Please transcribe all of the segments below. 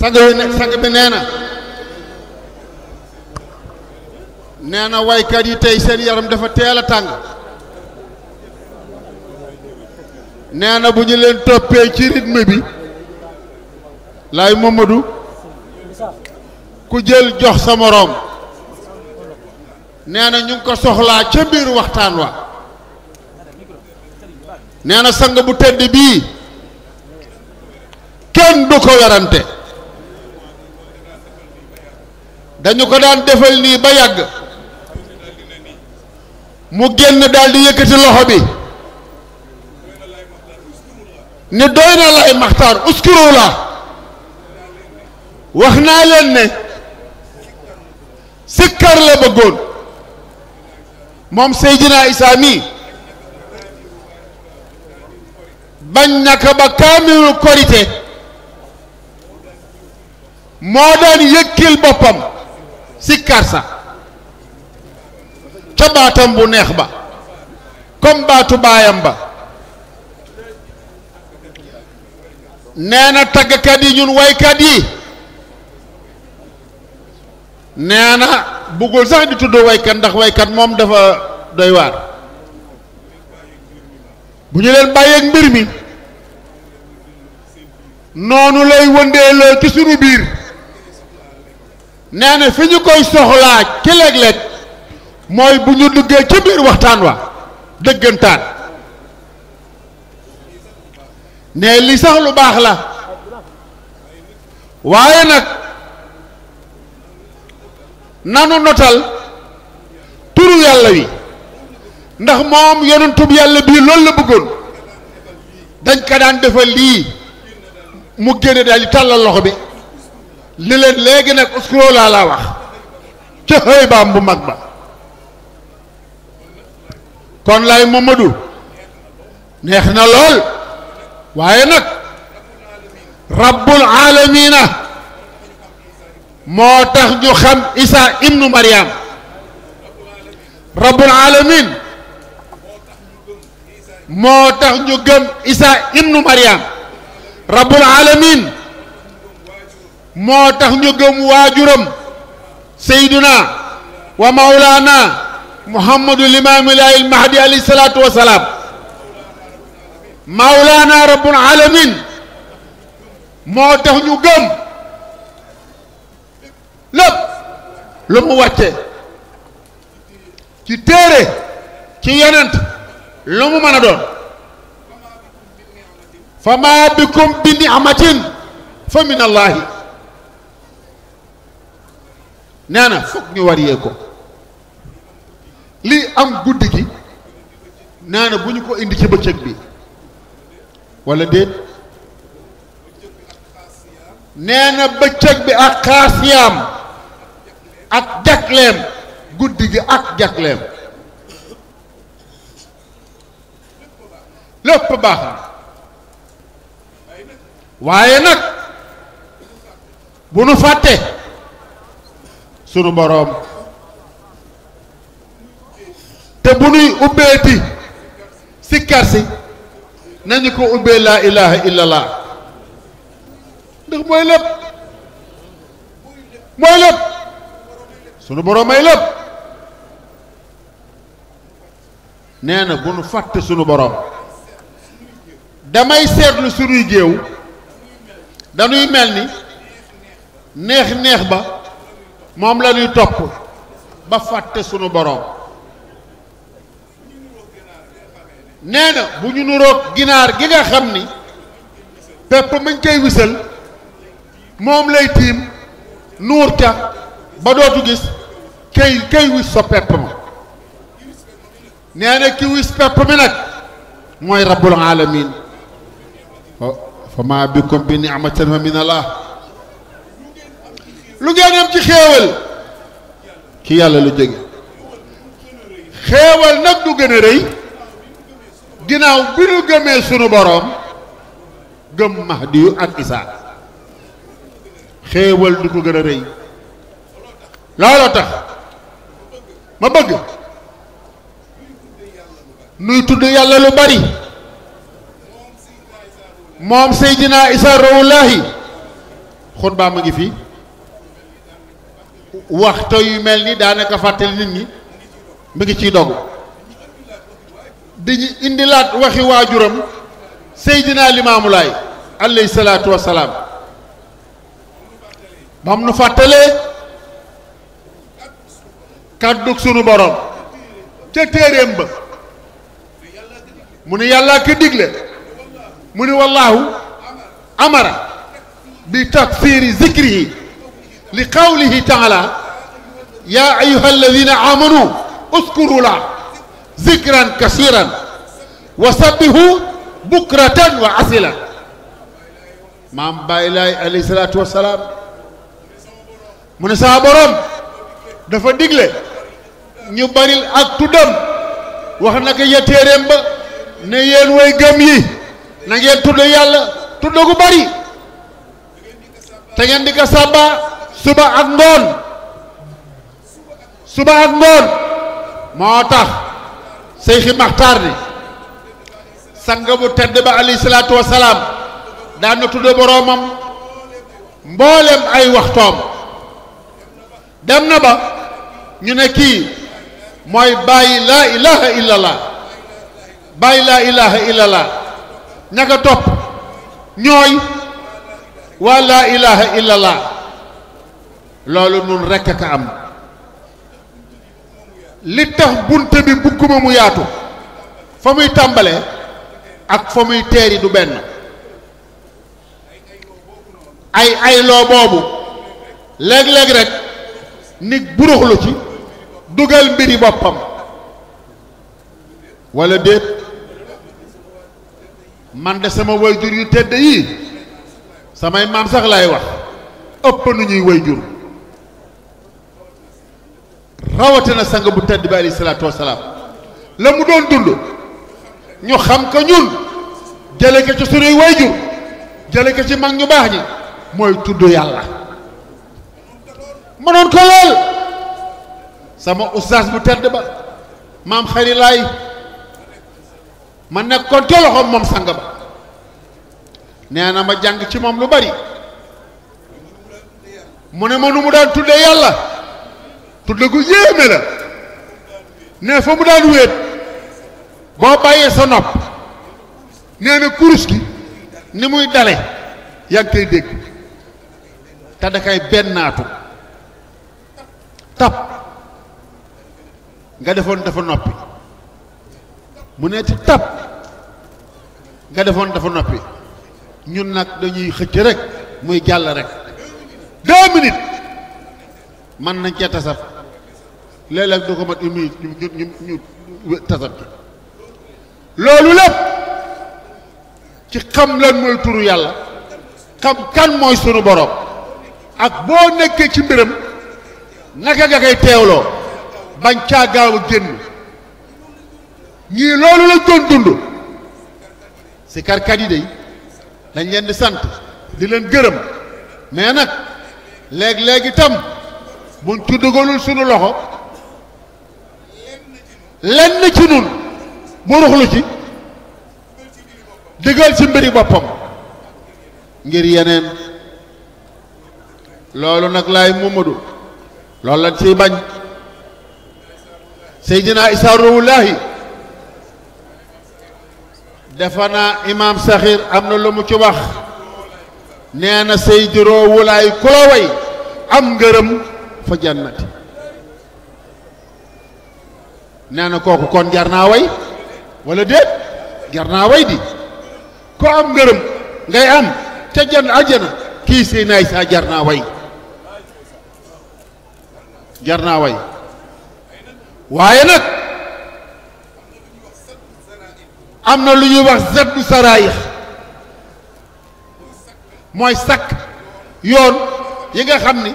sang bi ne sang bi nee na nee na waykat yi tey seen yaram dafa teel a tàng nee na bu ñu leen toppee ci rythme bi lay Mamadou ku jël jox sa moroom nee na ñu ngi ko soxlaa ca biir waxtaan wa nee na sang bu tedd bii kenn du ko werante dañu ko daan defal nii ba yàgg mu génn daal di yëkkati loxo bi ni doy na lay maxtaar uskuru la wax naa leen ne sikkar la bëggoon moom Seydina Isaa mi bañ naka ba kaamilu korite moo daan yëkkil boppam sikkar sa ca baatam bu neex ba comme baatu baayam ba nee na tàggkat yi ñun waykat yi nee na bëggul sax di tudd waykat ndax waykat moom dafa doy waar bu ñu leen bàyyeeg mbir mi noonu lay wëndeeloo ci sunu biir nee na fi ñu koy soxlaa ci léeg-léeg mooy bu ñu duggee ci biir waxtaan wa dëggantaan ne li sax lu baax la waaye nag nanu notal turu yàlla wi ndax moom yonentub yàlla bii loolu la bëggoon dañ ko daan defal lii mu génne daal tàllal loxo bi li len léegi nak uskuro la la wax ci xëy baam bu mag ba kon lay Mamadou neex lol, waye nak rabbul alamin mo tax ñu xam Isa ibnu Maryam rabbul alamin mo tax ñu gem Isa ibnu Maryam rabbul alamin moo tax ñu gëm waajuram sayduna wa maulana muhammadu limaamilahil mahdi alayhi salaatu wa salaam maulana rabbul alamin moo tax ñu gëm lépp lu mu wàcce ci téere ci yonent lu mu mën a doon fa maa bikum bi ni'matin fa min allahi nee na foog ñu wariyee ko li am guddi gi nee na bu ñu ko indi ci bëccëg bi wala déet nee na bëccëg bi ak xaasiyaam ak jagleem guddi gi ak jagleem lépp baax waaye nag bu nu fàtte sunu boroom te bu nuy ubbeeti sikkar si nañu ko ubbee laa ilaha illallah ndax mooy lépp mooy lépp sunu boroom may lépp nee na bu nu fàtte sunu boroom damay seetlu sunuy géew dañuy mel ni neex neex ba mom la ñuy topp ba fàtte sunu borom nee na bu ñu nuroog ginaar gi nga xamni pepp mañ cey wissel mom lay tim nur ca ba dootu gis kay kay wiss sa pepp ma nee ki wiss pepp mi nak moy rabbul alamin fa ma bikum bi nicmatin min allah lu ngeen am ci xéewal ci yàlla lu jóge xéewal nag du gën a rëy ginnaaw bi nu gëmee sunu boroom gëm Mahdiyu ak Isaa xéewal du ko gën a rëy looloo tax ma bëgg nuy tudd yàlla lu bari moom Seydina Isaa Rawullaahi xutbaa ma ngi fii waxto yu mel ni daanaka fàttali nit ñi mu ngi ciy dogu diñu indilaat waxi waajuram Seydina Limaamulaay alayhi salaatu wassalaam bam nu fàttalee kàddug sunu borom ca téeréem ba mu ni yàlla ko digle mu ni wallaahu amara bi takfiiri zikri yi لقوله تعالى يا أيها الذين آمنوا اذكروا الله ذكرا كثيرا وسبحوا بكرة وعسلا مام بايلاي عليه الصلاة والسلام من سابرم دفا ديغلي ñu baril ak tuddam wax naka yeterem ba ne yeen way gem yi na ngeen tuddu yalla tuddu gu suba ak ngoon suba ak ngoon moo tax seyxi maxtaar ni sang bu tedd ba alayhi salaatu wasalaam daan na tudd boroomam mboolem ay waxtoom dem na ba ñu ne kii mooy bàyyi laa ilaha illallah bàyyi laa ilaha illallah ñaka topp ñooy waa laa ilaha illallah loolu nun rekk a ka am li tax bunte bi bugguma mu yaatu fa muy tàmbalee ak fa muy teeri du benn ay ay loo boobu léeg-léeg rek nit buruxlu ci dugal mbiri boppam walla déet man de sama wayjur yu tedd yii samay maam sax laay wax ëpp nu ñuy wayjur na sang bu tedd bi alayhi salaatu wasalaam la mu doon dund ñu xam ko ñun jele ko ci sunuy wayju jele ko ci mag ñu bax ñi mooy tudd yàlla mënoon ko lool sama oustaz bu tedd ba maam xari laay ma nekkoon ca loxoom moom sang ba nee na ma jàng ci moom lu bari mu ne ma nu mu daan tuddee yàlla tudda gu yéeme la ne fa mu daan wéet boo bàyyee sa nopp nee na kurus gi ni muy dale yaa ngi koy dégg te da kay bennaatu tap nga defoon dafa noppi mu ne ci tap nga defoon dafa noppi ñu nag dañuy xëcc rekk muy jàll rek deux minutes mën nañ cee tasab léeg-léeg du ko mat une ñu ñu ñu ñu tasam ci loolu lépp ci xam lan mooy turu yàlla xam kan mooy sunu boroom ak boo nekkee ci mbiram naka nga koy teewloo bañ caa gaaw a génn ñii loolu lañ doon dund si karkat yi day dañ leen di sant di leen gërëm mais nag léeg-léeg itam buñ ci dugalul sunu loxo. lenn ci nun mu ci digal ci mbiri boppam ngir yeneen loolu nag lay mumadu loolu la ciy bañ seydina isaa ruwullaahi defa naa imaam saxir am na lu mu ci wax nee na seydi roowulaay ku la way am ngërëm fa jannati nee na kooku kon jar naa way walla déet jar naa way di ko am ngërëm ngay am ca jan àjjana kii si naay saa jar naa way jar naa way waaye nag am na lu ñuy wax zaddu saraayix mooy sakk yoon yi nga xam ni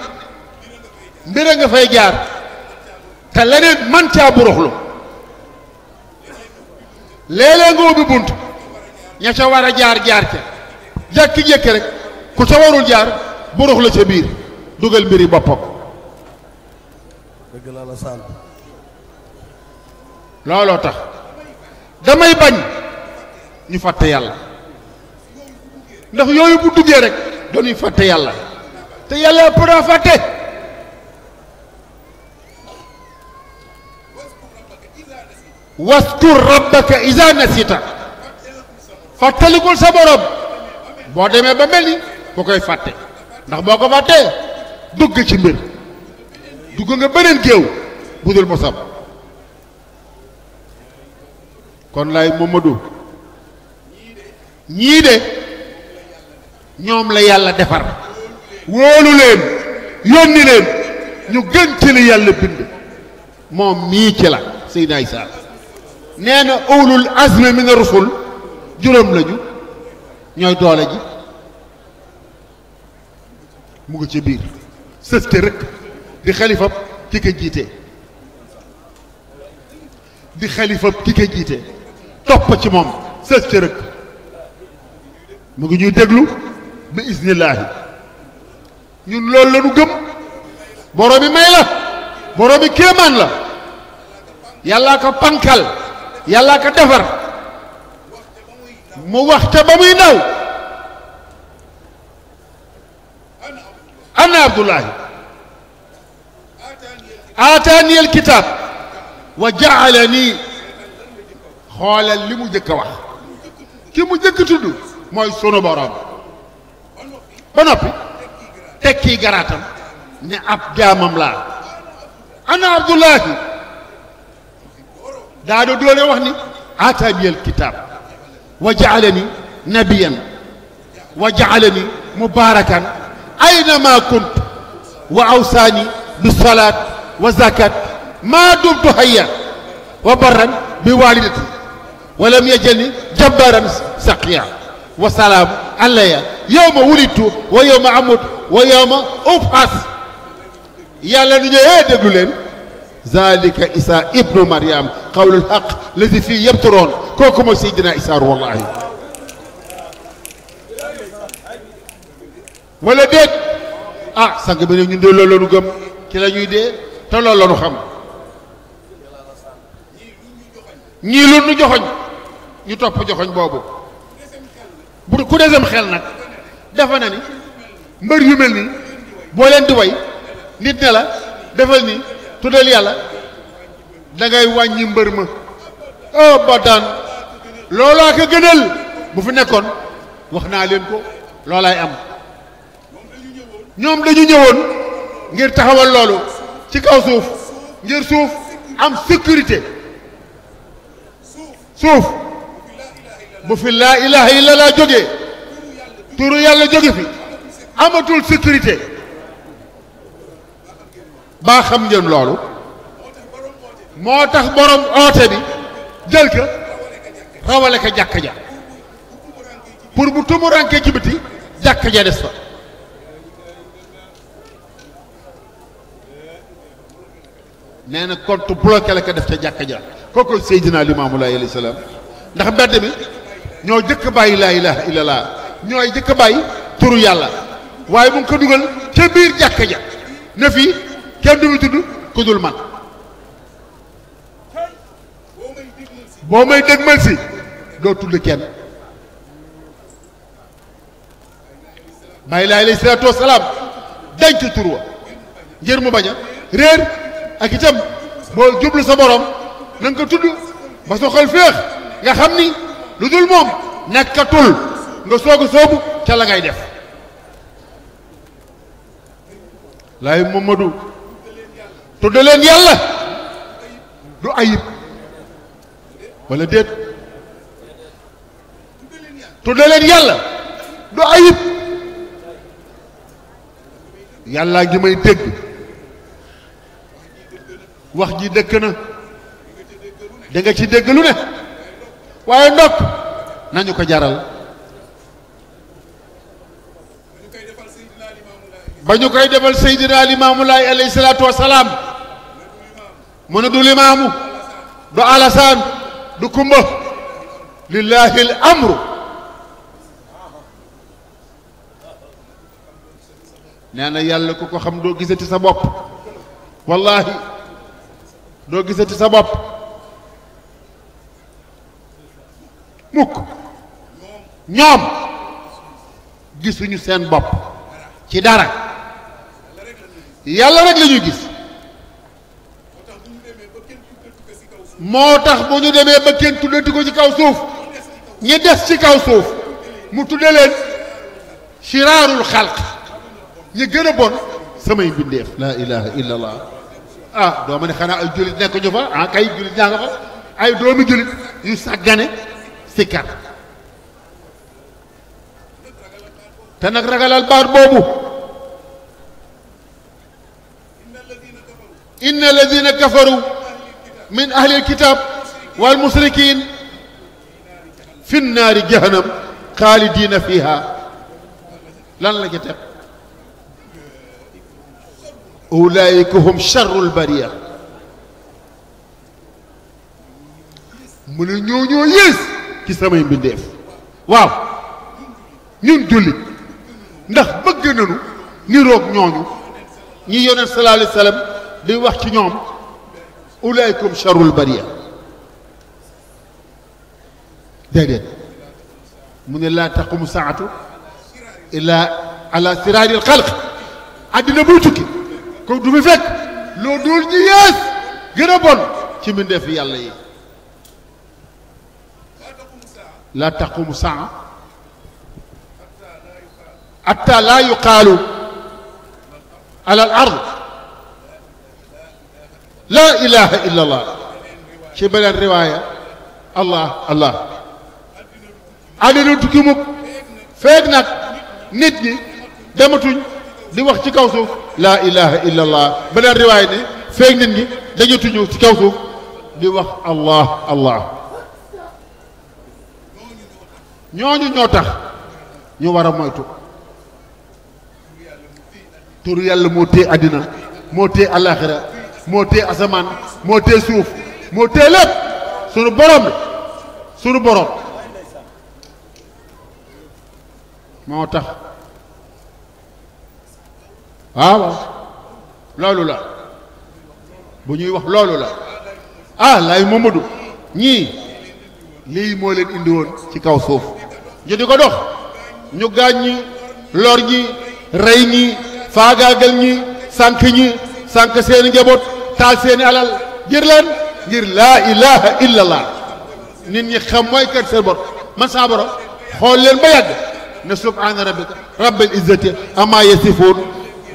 mbir a nga fay jaar te leneen man caa buruxlu léeg-léeg nga ubbi bunt ña ca war a jaar jaar ca jékki-jékki rek ku ca warul jaar burux la ca biir dugal mbiri boppam. dëgg la looloo tax damay bañ ñu fàtte yàlla ndax yooyu bu duggee rek dañuy fàtte yàlla te yàlla pour a fàtte. waskur rabbaka iza nasita fàttalikul sa borom boo demee ba mel ni boo koy fàtte ndax boo ko fàttee dugg ci mbir dugg nga beneen géew bu dul mosam kon lay Momadou ñii de ñoom la yàlla defar wóolu leen yónni ñu gën ci li yàlla bind moom mii ci la Seydina Isa nee na ulul azmi min rusul juróom lañu ñooy doole ji mu ngi ci biir sës ca rëkk di xalifab ki ko jiite di xalifab ki ko jiite topp ci moom sës ca rëkk mu ngi ñuy déglu bi isnillaahi ñun loolu la ñu gëm boroomi may la boroomi kéemaan la yàllaa ko pankal yàllaa ko defar mu wax te ba muy ndaw ana abdullahi aataani al wa jaalani xoolal li mu jëkk a wax ki mu jëkk tudd mooy sunu borom ba noppi tekki garaatam ne ab jaamam laa ana abdullahi دا دو دولي وخني اتابي الكتاب وجعلني نبيا وجعلني مباركا اينما كنت واوصاني بالصلاه والزكاه ما دمت حيا وبرا بوالدتي ولم يجلني جبارا سقيا وسلام علي يوم ولدت ويوم عمد ويوم افحص يا لن يهدد لن ذلك عيسى ابن مريم قول الحق الذي فيه يبترون كوكم سيدنا عيسى والله ولا ديت اه سانك بني ني دو لولو نو گم كي لا نيو دي تا لولو نو خم ني لو نو joxoñ ني توپ joxoñ بوبو بو كو ديزم خيل nag دافا ناني مبر mbër yu mel ni boo leen di way nit ne tuddal yàlla dangay ngay wàññi mbër ma oh bataan gënal bu fi nekkoon wax naa leen ko loolaay am ñoom dañu ñëwoon ngir taxawal loolu ci kaw suuf ngir suuf am sécurité suuf bu fi laa ilaha illa laa jógee turu yàlla jóge fi amatul sécurité baa xam ngeen loolu moo tax borom oote bi jël ka rawale ka jàkka ja pour bu tumurankee ci biti jàkka ja des fa nee na compte bloqué ko def ca jàkka ja ko Seydina Limaamu Laay alayhi salaam ndax mbedd mi ñoo jëkk bàyyi laa ilaha illallah ñooy jëkk bàyyi turu yàlla waaye mu ngi ko dugal ca biir jàkka ja ne fii kenn du mu tudd ku dul man boo may dëgmal si doo tudd kenn bàyyi laa alayhi salaatu wasalaam denc tur wa ngir mu bañ a réer ak itam boo jublu sa boroom na ko tudd ba sa xol féex nga xam ni lu dul moom nekkatul nga soog a soobu ca la ngay def laay Mamadou tudde leen yàlla du ayib wala déet tudde leen yàlla du ayib yàllaa ngi may dégg wax ji dëkk na da nga ci dégg lu ne waaye ndokk nañu ko jaral ba ñu koy defal Seydina Limaamu Laay منذ الإمام دو ألسان دو كمب لله الأمر نانا يالله كو خم دو غيسة سبب والله دو غيسة سبب موك نيوم غيسو ني سين بوب سي دارا يالله رك لا نيو غيس motax tax bu ñu demee ba kën tuddati ko ci kaw suuf ñi des ci kaw suuf mu tudde len shirarul khalq ñi gëna bon samay bindef la ilaha illa allah ah do ma ne xanaa ay julit nekk ñu fa ah kay julit ja nga fa ay doomi julit yu sàggane sikkar te nak ragalal baat boobu inna alladina kafaru من أهل الكتاب والمشركين في النار جهنم خالدين فيها لن لكتاب أولئك هم شر البرية من نيو نيو يس كسامين بنديف واو نين دولي ndax bëgg nañu ni roog ñooñu ñi yonent sallallahu alayhi wasallam di wax ci ñoom أولئك هم شر البرية دادت من لا تقوم ساعة إلا على سرار الخلق. عند نبوتك كو دومي فك لو دول دي ياس غربون كي من دف يالا لا تقوم ساعة حتى لا يقال على الأرض لا إله إلا الله شبل الرواية الله الله àddina tukki mukk feeg nag nit ñi dematuñ di wax ci kaw suuf laa ilaha illa allah beneen riwaay ne feeg nit ñi dajatuñu ci kaw suuf di wax allah allah ñooñu ñoo tax ñu war a moytu tur yàlla moo téye àddina moo téye àllaaxira moo téye asamaan moo téye suuf moo téye lépp sunu borom sunu borom moo tax waaw loolu la bu ñuy wax loolu la ah lay Mamadou ñii lii moo leen indi woon ci kaw suuf ñu di ko dox ñu gaañ ñi lor ñi rey ñi faagaagal ñi sanq ñi sànq seen njaboot تاسين على جيرلن جير لا اله الا الله نين خم واي كات سربر ما صابر خول لين بياد سبحان ربك رب العزه اما يصفون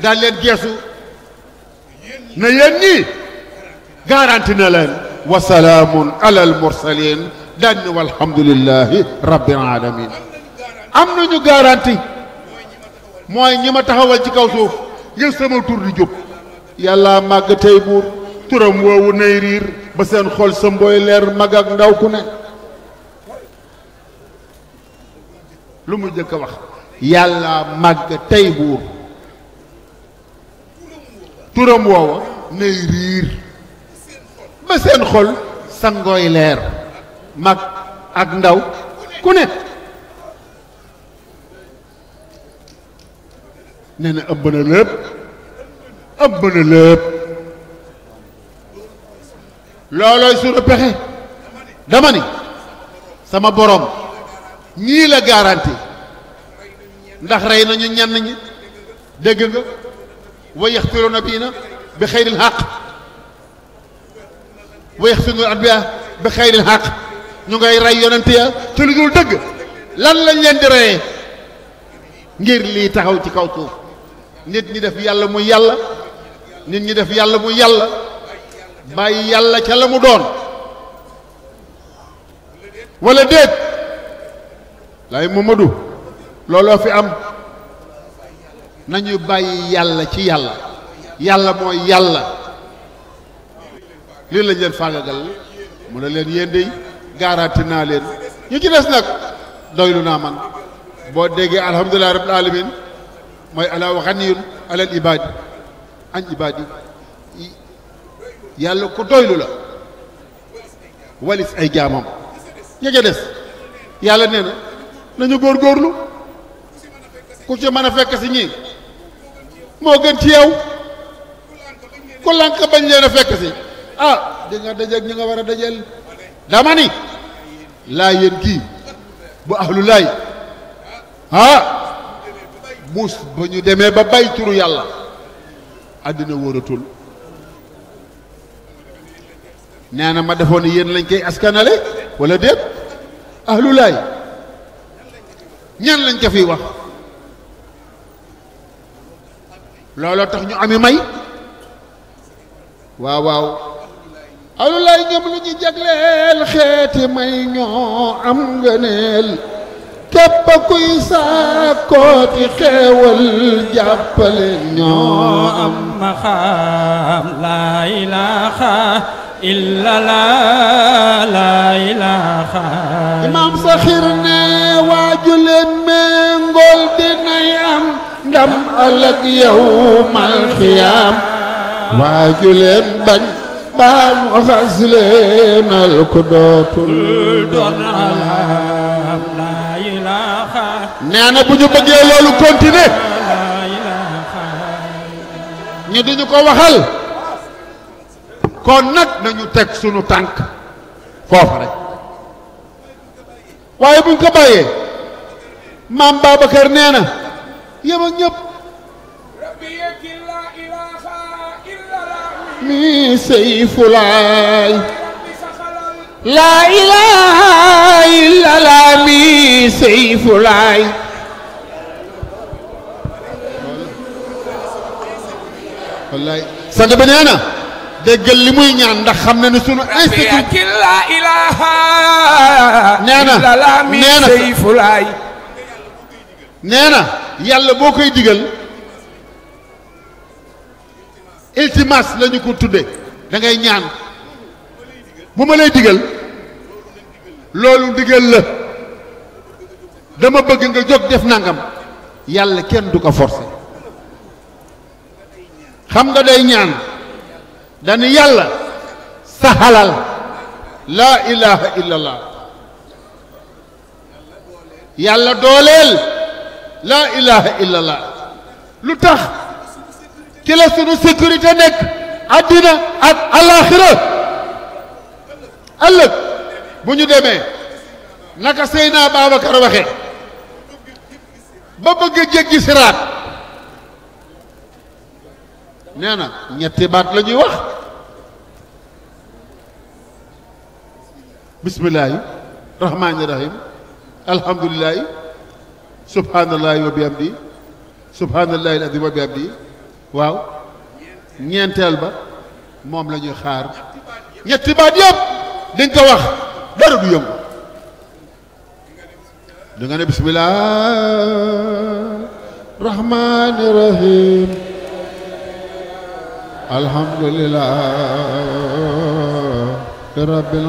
دال لين جيسو نا يني غارانتي نالين وسلام على المرسلين دان والحمد لله رب العالمين am nañu garantie moy ñima taxawal ci kaw suuf yeuf sama tour di jop yàlla màgg tey buur turam woowu nay riir ba seen xol sa mbooy leer mag ak ndaw ku ne lu mu jëkk a wax yàlla màgg tey buur turam woowa nay riir ba seen xol sa ngooy leer mag ak ndaw ku ne nee na ëmb na lépp ëmb na lépp loolooy dama ni sama borom ñi la garantie ndax ray nañu ñan ñi dégg nga wa yaxtiru nabina bi khairil haqq wa yaxtiru anbiya bi khairil haqq ñu ngay ray yonent ya ci lu dul dëgg lan lañ leen di reyee ngir li taxaw ci kaw suuf nit ñi def yalla mu yalla nit ñi def yàlla mu yàlla bay yàlla ca la mu doon wala déet lay Mamadu lolo fi am nañu bàyyi yàlla ci yàlla yàlla moy yàlla li lañ leen fàggagal mu ne leen yende garanti na leen ñu ci dess nak doylu na man bo degge alhamdullahi rabbil alamin moy ala ghaniyun ala al ibad an ibaadi yàlla ku doylu la walis ay jaamam ña ca des yàlla nee na nañu góorgóorlu ku ci mën a fekk si ñii moo gën ci yow ku lànk bañ leen a fekk si ah di nga dajeeg ñi nga war a dajeel dama ni laa yéen kii bu ahlu laay ah muus ba ñu demee ba bay turu yàlla àddina wóoratul nee na ma defoon yéen lañ koy askanale walla déet ahlu laay lañ ko fiy wax looloo tax ñu ami may waaw waaw ahlu laay lu ñu jagleel xeeti may ñoo am ngëneel képp kuy saakoo di xéewal jàppale ñoo am maxaam laa ilaaha illa laa laa ilaaha imaam saxir ne waaju leen méngool dinay am ndam ëllëg yawmal xiyaam waaju leen bañ baal mu fas leenal ku dootul doon alaam neena buñu bëggé lolu continuer ñu diñu ko waxal kon nak nañu tek suñu tank fofu rek waye buñ ko bayé mam babakar neena yema ñep rabbi yakilla ilaha illa mi sayfulay لا إله إلا الأمي سيف العين سيدي بني أنا دقل لي مو ينان يعني، دخم ننسون أستطيع لا إله إلا الأمي سيف العين نانا يلا بوكو يدقل التماس لن يكون تودي دعاي نان buma lay digal loolu digal la dama bëgg nga jóg def nangam yàlla kenn du ko forcé xam nga day ñaan danu yàlla sa xalal laa ilaha illallah yàlla dooleel la ilaha illallah lu tax ci la sunu sécurité nekk àddina ak alaxira ألق بني دمي نكسينا بابا كروخي بابا جيجي سرات نانا نتبات لجي وخ بسم الله الرحمن الرحيم الحمد لله سبحان الله وبيامدي سبحان الله العظيم وبيامدي واو نينتال با موم لا نيو خار نيتي باد ياب liñ ko wax dara du yëngu da nga ne bismillah rahman rahim alhamdulillah rabbil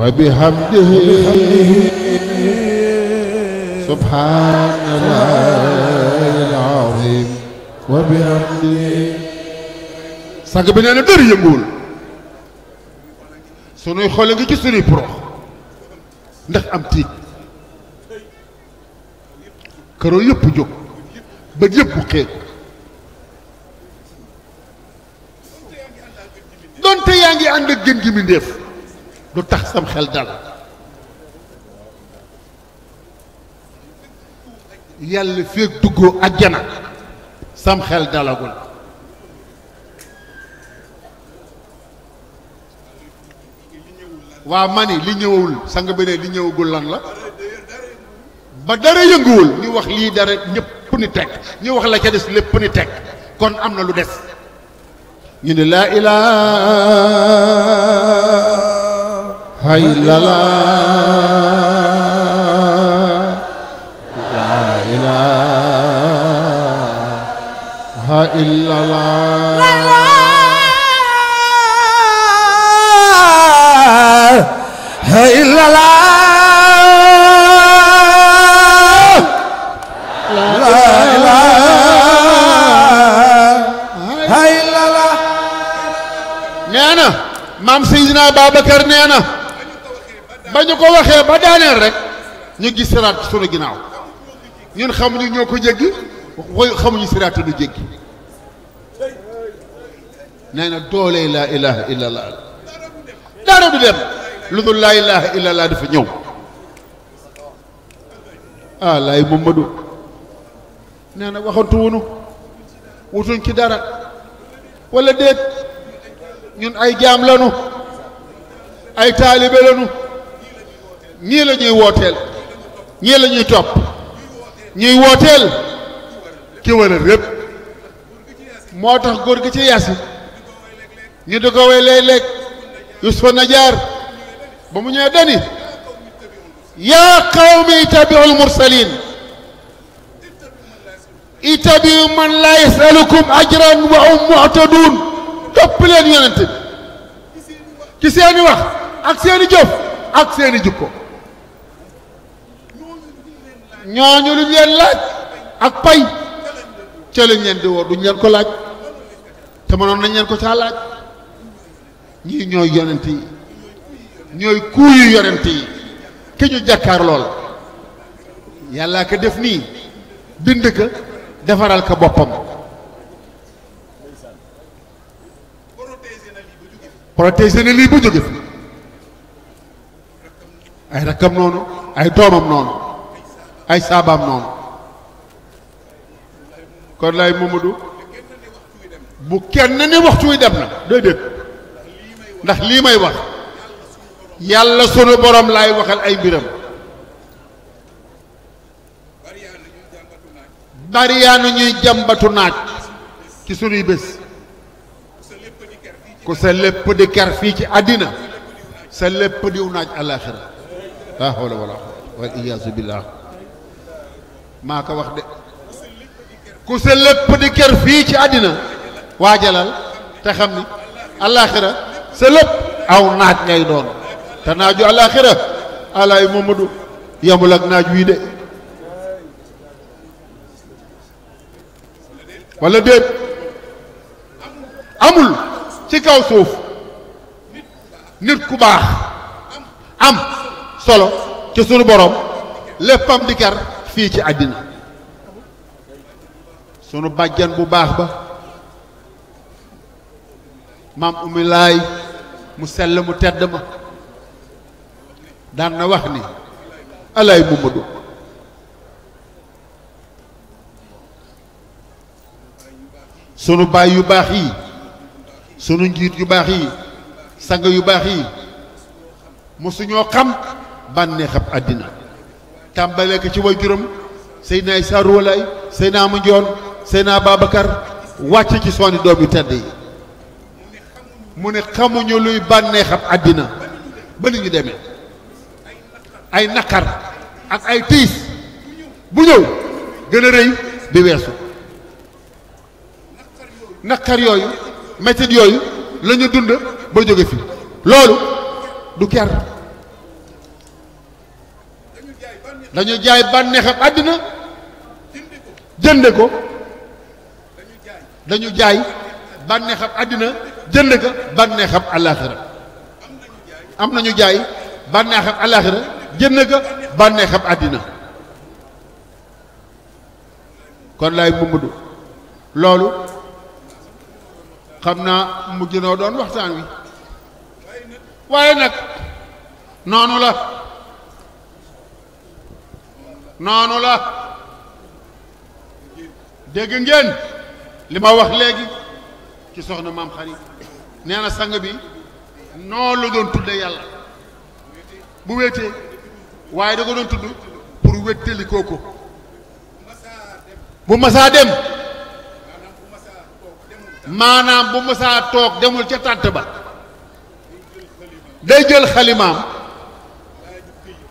وبحمده سبحان الله العظيم وبحمده sàng bi nee na dër yënguwul sunuy xoole ngi ci sunuy prox ndax am tiit kërool yëpp jóg ba yëpp xeeg donte yaa ngi ànd ak gën gi du tax sam xel dal yàlla feeg duggoo ajjana sam xel dalagul waa ma ni li ñëwul sang bi ne li ñëwagul lan la ba dara yënguwul ñu wax lii dara ñëpp ni teg ñu wax la ca des lépp ni teg kon am na lu des ñu ne laa ilaaha illallaa إلا الله لا إلا الله لا إله إلا الله نانا مام سيدنا بابكر نانا ba ñu ko waxee ba daaneel rek ñu gis siraat sunu ginnaaw ñun xamuñu ñoo ko jéggi xamuñu siraatu du jéggi nee na doole laa ilaha illa laa dafa ñëw ah laay Mamadu nee na waxantu wunu wutuñ ci dara wala déet ñun ay jaam lanu ay taalibe lanu ñii la ñuy wooteel ñii lañuy ñuy topp ñuy wooteel ki waral lépp moo tax góor gi ci yaasin ñu di ko way léeg-léeg Yusufa Najaar ba mu ñëwee dani yaa qawmi ittabi'ul mursaliin ittabi'u man laa yas'alukum ajran wa hum mu'taduun topp leen yonent bi ci seeni wax ak seeni jëf ak seeni jikko ñooñu luñ leen laaj ak pay ca lañ leen di woo duñ leen ko laaj te mënoon nañ leen ko caa laaj ñii ñooy yonent yi ñooy kuuyu yonent yi ki ñu jàkkaar lool yàllaa ko def nii bind ka defaral ka boppam protégé na lii ba jóge fi ay rakkam noonu ay doomam noonu ay sabam non kon lay Mamadou bu kenn ni waxtu wi dem na déedéet ndax li may wax yàlla sunu borom lay waxal ay mbiram bariyaanu ñuy jàmbatu naaj ci sunuy bés ko sa lépp di kar fi ci adina sa lépp diw naaj àllaaxira laa hawla wala quwwata illa billah maa ko wax de ku sa lépp di kër fii ci àddina waajalal te xam ni alaaxira sa aw naaj ngay doon te naaju alaaxira alaay Mamadu yamul ak naaj wii de walla déet amul ci kaw suuf nit ku baax am solo ci sunu borom léppam di ker ci àddina sunu bàjjan bu baax ba maam umi mu sell mu tedd ma daan na wax ni alaay Mamadu sunu baay yu baax yi sunu njiit yu baax yi sang yu baax yi mosuñoo xam bànneexab àddina tàmbalee ko ci waajuram Seydina Issa Rouhou Laye Seydina Ama Ndione Seydina Babacar wàcc ci sooni doom yu tedd yi mu ne xamuñu luy bànneex àddina ba ni ñu demee ay naqar ak ay tiis bu ñëw gën a rëy bi weesu naqar yooyu métit yooyu la ñu dund ba jóge fi loolu du ker dañu jaay bànneexam àddina jënd ko dañu jaay bànneexam àddina jënd ko bànneexam àllaaxira am nañu jaay bànneexam àllaaxira jënd ko bànneexam àddina kon laay mumbudu loolu xam naa mujj noo doon waxtaan wi waaye nag noonu la noonu la dégg ngeen li ma wax léegi ci soxna maam xarit nee na sang bi noonu la doon tudde yàlla bu wéetee waaye da ko doon tudd pour wéttali ko bu masaa dem maanaam bu masaa toog demul ca tànt ba day jël xalimaam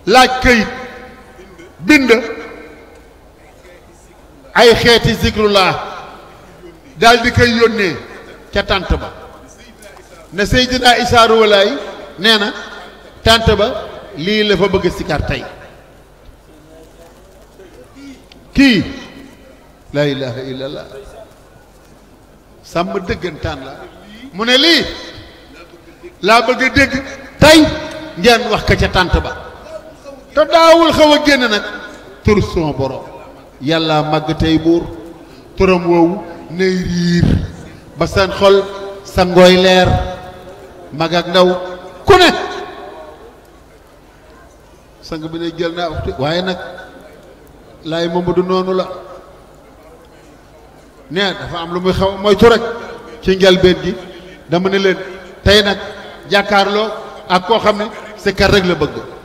laaj këyit bind ay xeeti zikrullah daal di koy yónnee ca tànt ba ne Seydina Issa Rouhou Laye nee na tànt ba lii la fa bëgg sikar tey kii laa ilaha illallah sàmm dëggantaan la mu ne lii laa bëgg a dégg tey ngeen wax ko ca tànt ba te daawul xaw a génn nag tur sama borom yàlla màgg tey buur turam woowu nay riir ba seen xol sa ngooy leer mag ak ndaw ku ne sang bi ne jël naa waxtu waaye nag laay Mamadou noonu la ne dafa am lu muy xaw moytu rek ci njalbeen gi dama ne leen tey nag jàkkaarloo ak koo xam ne sikar rek la bëgg